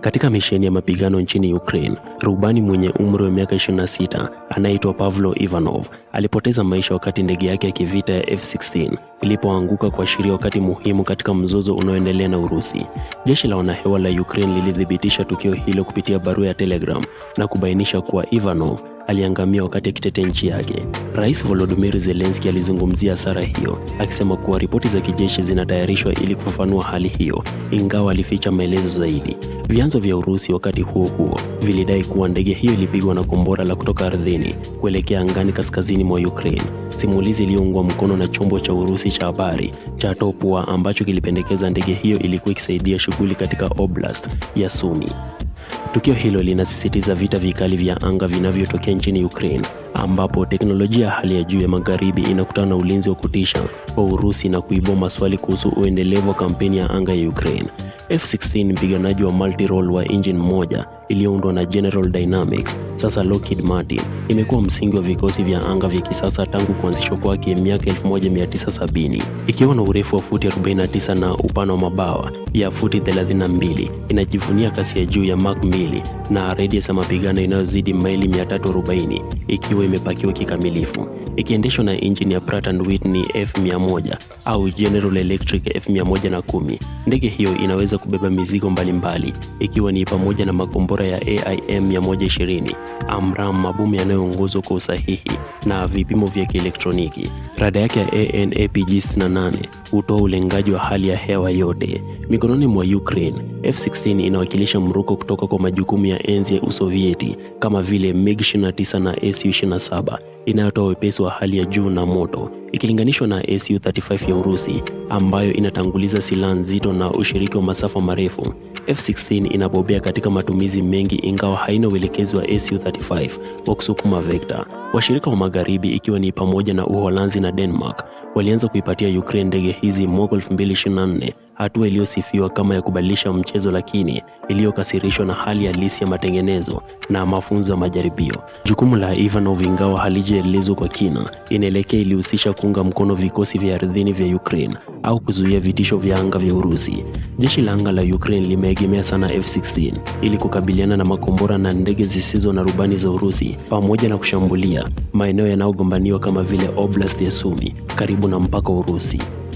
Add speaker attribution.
Speaker 1: Katika misheni ya mapigano nchini Ukraine, rubani mwenye umri wa miaka 26 anaitwa Pavlo Ivanov alipoteza maisha wakati ndege yake ya kivita ya F-16 ilipoanguka kuashiria wakati muhimu katika mzozo unaoendelea na Urusi. Jeshi la wanahewa la Ukraine lilithibitisha tukio hilo kupitia barua ya Telegram na kubainisha kuwa Ivanov aliangamia wakati akitetea nchi yake. Rais Volodymyr Zelensky alizungumzia hasara hiyo, akisema kuwa ripoti za kijeshi zinatayarishwa ili kufafanua hali hiyo, ingawa alificha maelezo zaidi. Vyanzo vya Urusi wakati huo huo vilidai kuwa ndege hiyo ilipigwa na kombora la kutoka ardhini kuelekea angani kaskazini mwa Ukraine, simulizi iliyoungwa mkono na chombo cha Urusi kikosi cha habari cha Topua ambacho kilipendekeza ndege hiyo ilikuwa ikisaidia shughuli katika Oblast ya Sumi. Tukio hilo linasisitiza vita vikali vya anga vinavyotokea nchini Ukraine, ambapo teknolojia ya hali ya juu ya Magharibi inakutana na ulinzi wa kutisha wa Urusi na kuibua maswali kuhusu uendelevu wa kampeni ya anga ya Ukraine. F-16 mpiganaji wa multi-role wa engine moja iliyoundwa na General Dynamics, sasa Lockheed Martin, imekuwa msingi wa vikosi vya anga vya kisasa tangu kuanzishwa kwake miaka 1970. Ikiwa na urefu wa futi 49 na upana wa mabawa ya futi 32, inajivunia kasi ya juu ya Mach 2 na radius ya mapigano inayozidi maili 340 ikiwa imepakiwa kikamilifu ikiendeshwa na injini ya Pratt and Whitney F100 au General Electric F110. Ndege hiyo inaweza kubeba mizigo mbalimbali mbali, ikiwa ni pamoja na makombora bora ya AIM 120, AMRAM mabomu yanayoongozwa kwa usahihi na vipimo vya kielektroniki. Rada yake ya anapg 68 hutoa ulengaji wa hali ya hewa yote. Mikononi mwa Ukraine, F16 inawakilisha mruko kutoka kwa majukumu ya enzi ya Usovieti kama vile MiG 29 na Su 27 inayotoa wepesi wa hali ya juu na moto ikilinganishwa na Su-35 ya Urusi ambayo inatanguliza silaha nzito na ushiriki wa masafa marefu. F-16 inabobea katika matumizi mengi ingawa haina uelekezi wa Su-35 wa kusukuma vekta. Washirika wa magharibi ikiwa ni pamoja na Uholanzi na Denmark walianza kuipatia Ukraine ndege hizi mwaka 2024 hatua iliyosifiwa kama ya kubadilisha mchezo, lakini iliyokasirishwa na hali halisi ya matengenezo na mafunzo ya majaribio. Jukumu la Ivanov, ingawa halijaelezwa kwa kina, inaelekea ilihusisha kuunga mkono vikosi vya ardhini vya Ukraine au kuzuia vitisho vya anga vya Urusi. Jeshi la anga la Ukraine limeegemea sana F-16 ili kukabiliana na makombora na ndege zisizo na rubani za Urusi pamoja na kushambulia maeneo yanayogombaniwa kama vile Oblast ya Sumi karibu na mpaka Urusi.